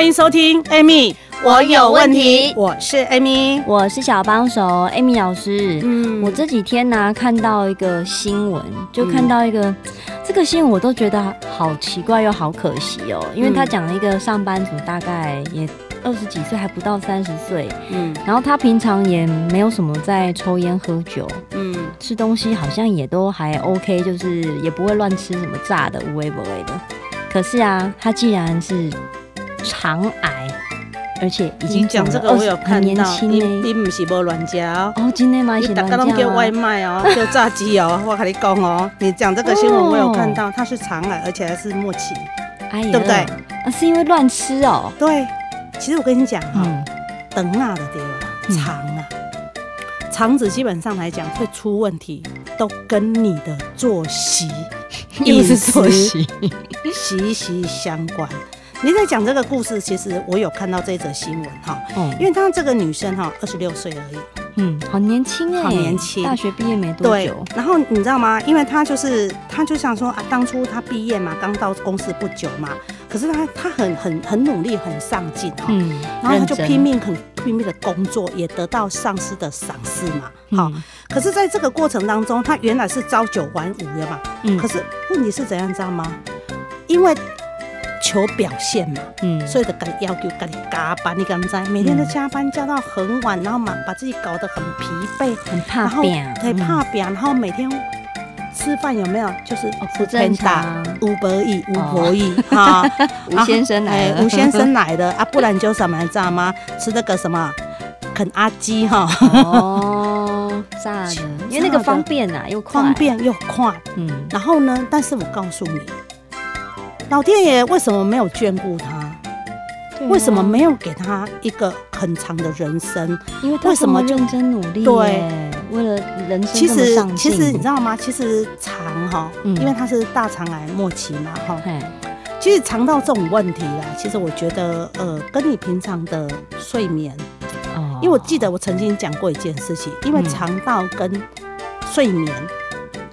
歡迎收聽 Amy，我有問題。我是 Amy，我是小幫手 Amy 老師。嗯，我這幾天呢、啊，看到一個新聞，就看到一個這個新聞，我都覺得好奇怪又好可惜哦、喔。因為他講了一個上班族，大概也二十幾歲，還不到三十歲。嗯，然後他平常也沒有什麼在抽菸喝酒，嗯，吃東西好像也都還 OK，就是也不會亂吃什麼炸的、無味不味的。可是啊，他既然是腸癌，而且已經講這個，我有看到。你你不是沒亂嚼哦？今天嘛也是亂嚼啊！大家都叫外賣哦，叫炸雞哦，我跟你講哦，你講這個新聞，我有看到，他是腸癌，而且還是末期，對不對？是因為亂吃哦。對，其實我跟你講哈，等啊的地方，腸啊，腸子基本上來講會出問題，都跟你的作息、飲食息息相關。你在講這個故事，其實我有看到這則新聞哈，嗯、因為他這個女生哈，二十六歲而已，嗯，好年輕啊，好年輕，大學畢業沒多久，對。然後你知道嗎？因為她就是她就想說啊，當初她畢業嘛，剛到公司不久嘛，可是她她很很很努力，很上進哈，嗯，然後她就拼命很拼命的工作，也得到上司的賞識嘛，嗯、好。可是在這個過程當中，她原來是朝九晚五的嘛，嗯，可是問題是怎樣知道嗎？因為。求表現嘛，嗯，所以就跟要求跟你加班，你敢在每天都加班加到很晚，然後嘛，把自己搞得很疲憊，很怕變，很怕變。然後每天吃飯有沒有？就是很打 Uber Eats、Uber Eats，哈，吳先生來，吳先生來的啊，不然就什麼知道嗎？吃那個什麼啃阿雞哈？哦，炸的，因為那個方便吶，又快，方便又快。嗯，然後呢？但是我告訴你。老天爺為什麼沒有眷顧他？為什麼沒有給他一個很長的人生？因為他認真努力？對，為了人生。其實，其實你知道嗎？其實腸哈，因為他是大腸癌末期嘛哈。其實腸道這種問題啦，其實我覺得呃，跟你平常的睡眠，因為我記得我曾經講過一件事情，因為腸道跟睡眠，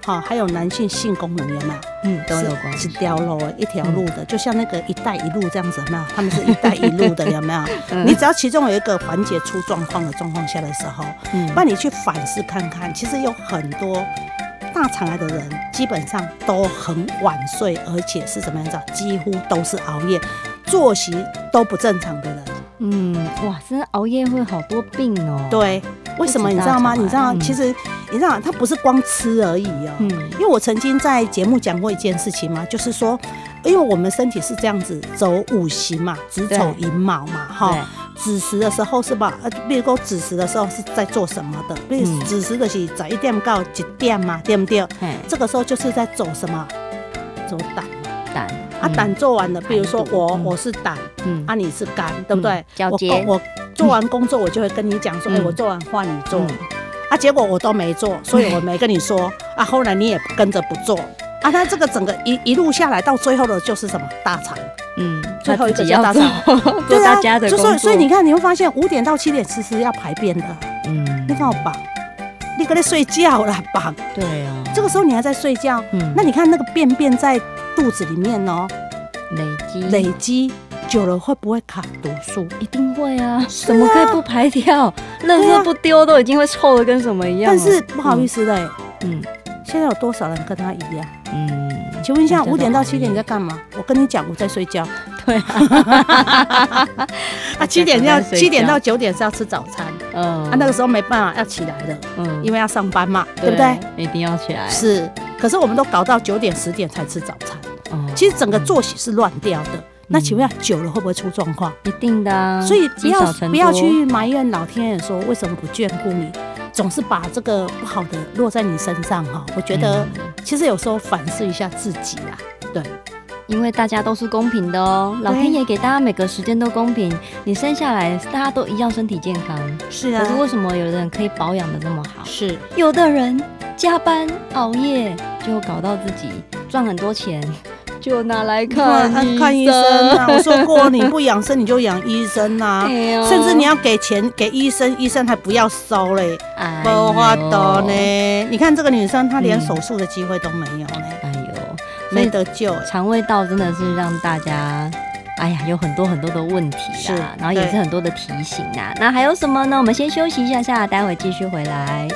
好，還有男性性功能有沒有？嗯，都有關，是掉落，一條路的，嗯、就像那個“一帶一路”這樣子，有沒有？他們是一帶一路的，有沒有？ 嗯、你只要其中有一個環節出狀況的狀況下的時候，嗯，那你去反思看看，其實有很多大腸癌的人，基本上都很晚睡，而且是怎麼樣子？幾乎都是熬夜，作息都不正常的人。嗯，哇，真的熬夜會好多病哦。對。為什麼你知道嗎？你知道，其實你知道、啊，它不是光吃而已哦。因為我曾經在節目講過一件事情嘛，就是說，因為我們身體是這樣子走五行嘛，子丑寅卯嘛，哈。子時的時候是吧？呃，比如說子時的時候是在做什麼的？比如子時就是早一點到幾點嘛，對不對？這個時候就是在走什麼？走膽嘛。膽。啊，膽做完了。比如說我，我是膽。嗯。啊，你是肝，對不對？交接。做完工作，我就會跟你講說，哎、嗯，欸，我做完換你做，嗯、啊，結果我都沒做，所以我沒跟你說，對啊，後來你也跟着不做，啊，那這個整個一一路下來，到最後的就是什麼大腸，嗯，最後一個要大腸， 大對啊，就所以，所以你看，你會發現五點到七點其實要排便的，嗯，你看我綁，你跟那睡覺了綁對啊，這個時候你還在睡覺，嗯，那你看那個便便在肚子裡面呢、喔，累積積，累積。久了會不會卡毒素？一定會啊！怎麼可以不排掉？任何不丟都已經會臭的跟什麼一樣。但是不好意思嘞，嗯，現在有多少人跟他一樣？嗯，請問一下，五點到七點你在幹嘛？我跟你講，我在睡覺。對啊，七點要七點到九點是要吃早餐。嗯，啊，那個時候沒辦法要起來的，嗯，因為要上班嘛，對不對？一定要起來。是，可是我們都搞到九點十點才吃早餐。哦，其實整個作息是亂掉的。那請問一下，久了會不會出狀況、嗯？一定的、啊，所以不要不要去埋怨老天爺，說為什麼不眷顧你，總是把這個不好的落在你身上哈。嗯、我覺得其實有時候反思一下自己啦，對。因為大家都是公平的哦、喔，對老天爺給大家每個時間都公平，你生下來大家都一樣身體健康，是啊。可是為什麼有的人可以保養得那麼好？是，有的人加班熬夜，就搞到自己賺很多錢。就拿來看醫，看，看醫生啊！我說過你不養生，你就養醫生吶、啊， 哎、呦甚至你要給錢給醫生，醫生還不要收嘞，不花多呢。你看這個女生，她連手術的機會都沒有呢。哎呦，沒得救！腸、哎、腸胃道真的是讓大家，哎呀，有很多很多的問題啦，是然後也是很多的提醒吶。對那還有什麼呢？我們先休息一下下，待會繼續回來。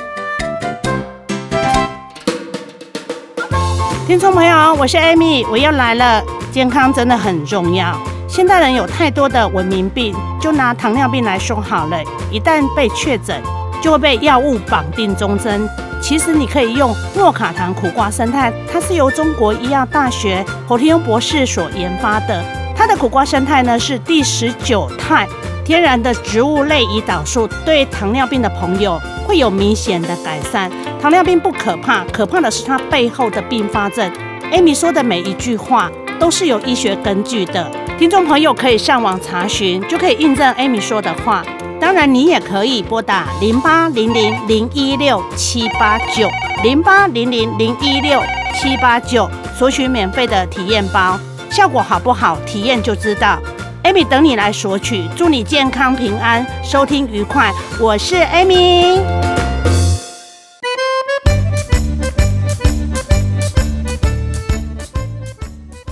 聽眾朋友，我是 Amy，我又來了。健康真的很重要，現代人有太多的文明病，就拿糖尿病來說好了，一旦被確診，就會被藥物綁定終身。其實你可以用諾卡糖苦瓜勝肽，它是由中國醫藥大學侯天庸博士所研發的，它的苦瓜勝肽呢，是第十九肽。天然的植物類胰島素，對糖尿病的朋友會有明顯的改善。糖尿病不可怕，可怕的是它背後的併發症。AMY 說的每一句話都是有醫學根據的，聽眾朋友可以上網查詢，就可以印證 AMY 說的話。當然，你也可以撥打零八零零零一六七八九零八零零零一六七八九，索取免費的體驗包，效果好不好，體驗就知道。米等你來索取，祝你健康平安，收聽愉快。我是 Amy。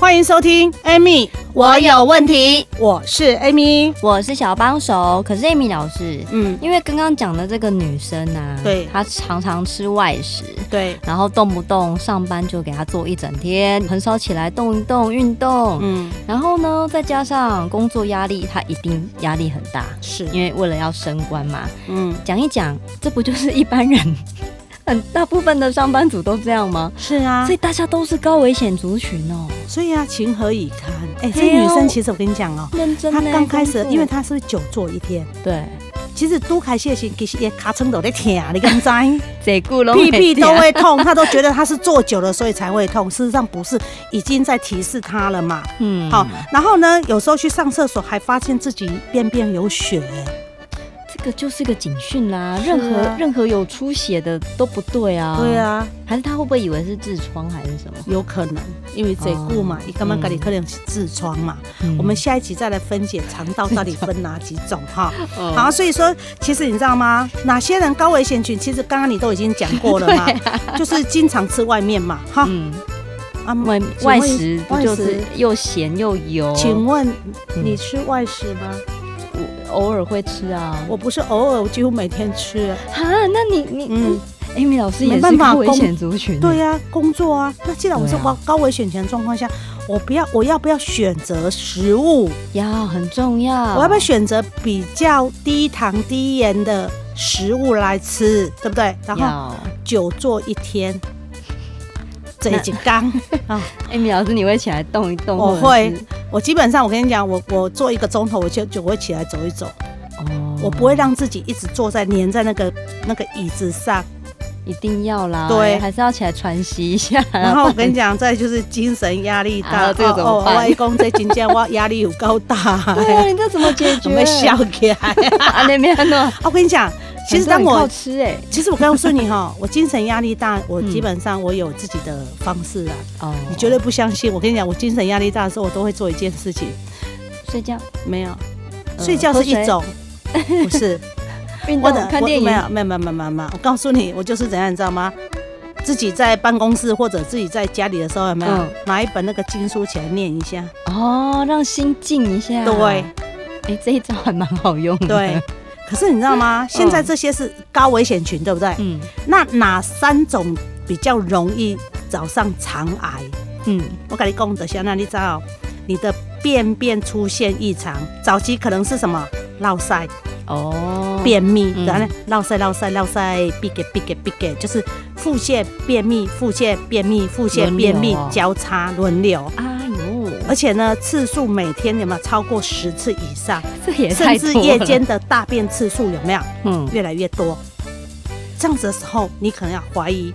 歡迎收聽 Amy 我有問題，我是 Amy，我是小幫手。可是 Amy 老師，嗯，因為剛剛講的這個女生呢、啊，對，她常常吃外食，對，然後動不動上班就給她做一整天，很少起來動一動運動，嗯，然後呢，再加上工作壓力，她一定壓力很大，是因為為了要升官嘛，嗯，講一講，這不就是一般人？很大部分的上班族都這樣嗎？是啊，所以大家都是高危險族群哦、喔。所以啊，情何以堪？哎、欸，這女生其實我跟你講哦、喔，哎、認真她剛開始夫因為她是，是久坐一天，對，其實都開血型其也卡成都在疼，你跟知， 屁屁都會痛， 她都覺得她是坐久了，所以才會痛，事實上不是，已經在提示她了嘛。嗯，好，然後呢，有時候去上廁所還發現自己便便有血。這個就是個警訊啦，任何任何有出血的都不對啊。對啊，還是他會不會以為是痔瘡還是什麼？有可能，因為嘴固嘛，你個嘛，那你可能是痔瘡嘛。我們下一集再來分解腸道到底分哪幾種哈。好，所以說其實你知道嗎？哪些人高危險群？其實剛剛你都已經講過了嘛，就是經常吃外面嘛哈。啊，外外食不就是又鹹又油？請問你吃外食嗎？偶爾會吃啊，我不是偶爾，我幾乎每天吃啊。哈那你你嗯，Amy 老師也是高危險族群、欸，對呀、啊，工作啊。那既然我是高高危險的狀況下，啊、我不要，我要不要選擇食物？要很重要。我要不要選擇比較低糖低鹽的食物來吃，對不對？然後要久坐一天，一就剛 Amy 老師，你會起來動一動我會。我基本上，我跟你講，我我坐一個鐘頭，我就就會起來走一走。Oh. 我不會讓自己一直坐在黏在那個那個椅子上，一定要啦。對，還是要起來喘息一下。然後我跟你講，止再就是精神壓力大，啊啊、這個怎麼辦？外公在近講哇，壓、哦哦、 力有夠大、啊。外公、啊，你這怎麼解決？怎麼笑開？阿內面呢，我跟你講。其實當我吃，哎，其實我告訴你哈，我精神壓力大，我基本上我有自己的方式啊。哦，你絕對不相信，我跟你講，我精神壓力大的時候，我都會做一件事情，睡覺。沒有，睡覺是一種，不是。運動、看電影。沒有，沒有，沒有，沒有。我告訴你，我就是怎樣，你知道嗎？自己在辦公室或者自己在家裡的時候，有沒有拿一本那個經書起來念一下？哦，讓心靜一下。對。哎，這一招還蠻好用的。對。可是你知道嗎？現在這些是高危險群，嗯、對不對？嗯。那哪三種比較容易找上腸癌？嗯，我跟你講這些。那你知道，你的便便出現異常，早期可能是什麼？拉塞哦，便秘然後呢，拉塞拉塞拉塞，biggie biggie biggie，就是腹瀉便秘腹瀉便秘腹瀉便秘交叉輪流啊、哦。而且呢，次數每天有沒有超過十次以上？這也太多了。甚至夜間的大便次數有沒有？嗯，越來越多。這樣子的時候，你可能要懷疑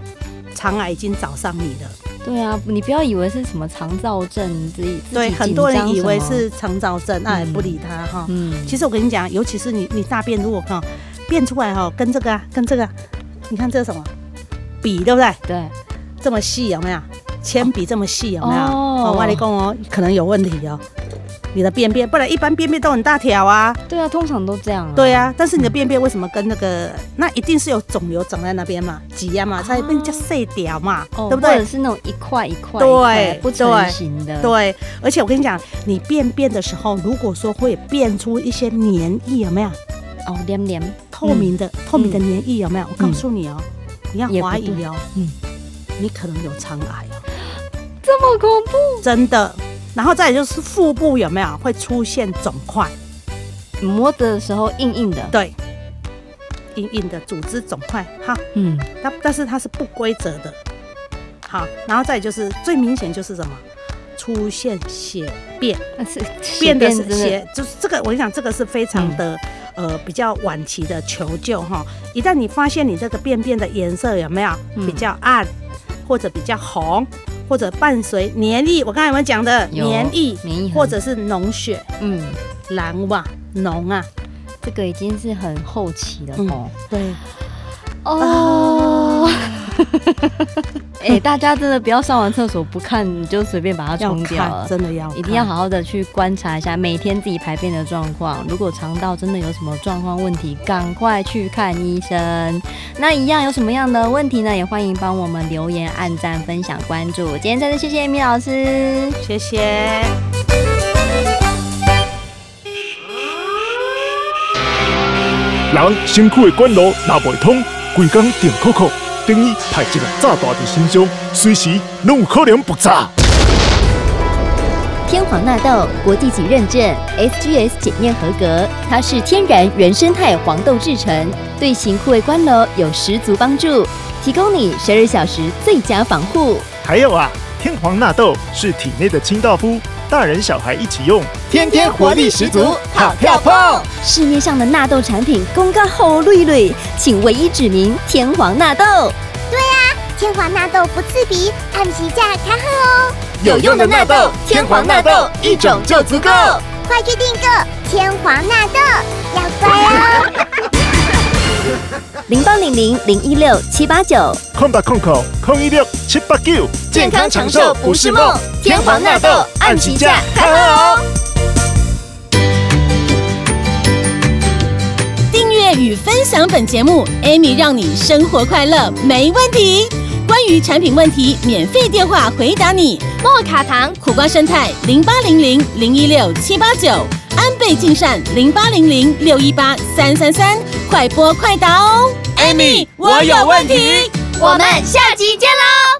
腸癌已經找上你了。對啊，你不要以為是什麼腸燥症自己自己，對，很多人以為是腸燥症，那、嗯啊、也不理他哈、喔。嗯。其實我跟你講，尤其是你，你大便如果哈、喔，變出來哈、喔，跟這個、啊、跟這個、啊，你看這是什麼筆，對不對？對。這麼細有沒有？鉛筆這麼細有沒有？哦哦。哦，我跟你說哦，可能有問題哦。你的便便，不然一般便便都很大條啊。對啊，通常都這樣。對啊，但是你的便便為什麼跟那個？那一定是有腫瘤長在那邊嘛，擠壓嘛，才變較細條嘛，對不對？是那種一塊一塊，對，不成型的。對，而且我跟你講，你便便的時候，如果說會變出一些黏液，有沒有？哦，黏黏，透明的，透明的黏液有沒有？我告訴你哦，你要懷疑哦，嗯，你可能有腸癌哦。這麼恐怖，真的。然後再就是腹部有沒有會出現腫塊，摸的時候硬硬的，對，硬硬的組織腫塊。哈嗯，但但是它是不規則的。好，然後再就是最明顯就是什麼，出現血便，那、啊、是血便真的，是血就是這個，我跟你講，這個是非常的、嗯、呃比較晚期的求救哈。一旦你發現你這個便便的顏色有沒有比較暗、嗯、或者比較紅。或者伴隨黏液，我剛才有講的黏液，或者是膿血，嗯，藍吧，膿啊，這個已經是很後期了哦，嗯，對，哦。啊哎、 欸，大家真的不要上完廁所不看，你就隨便把它沖掉了。真的要，一定要好好的去觀察一下每天自己排便的狀況。如果腸道真的有什麼狀況問題，趕快去看醫生。那一樣有什麼樣的問題呢？也歡迎幫我們留言、按讚、分享、關注。今天真的謝謝米老師，謝謝。人辛苦的管路拿不通，規工定哭哭。等於派一個炸彈的心上，隨時攏有可能爆炸。天皇納豆國際級認證，SGS 檢驗合格，它是天然原生態黃豆製成，對行枯胃關了有十足幫助，提供你十二小時最佳防護。還有啊，天皇納豆是體內的清道夫。大人小孩一起用，天天活力十足，跑跳碰。市面上的納豆產品公告後綠綠請唯一指名天皇納豆。對呀、啊、天皇納豆不刺鼻，按起價開喝哦。有用的納豆，天皇納豆一種就足夠，快去訂購天皇納豆，要乖哦。零八零零零一六七八九空八空空空一六七八九。健康長壽不是夢，天皇納豆按起價看哦。訂閱與分享本節目，Amy 讓你生活快樂沒問題。關於產品問題，免費電話回答你。莫卡糖、苦瓜勝肽零八零零零一六七八九，89，安倍晉善零八零零六一八三三三，3，快播快答哦。Amy，我有問題。我們下期見嘍。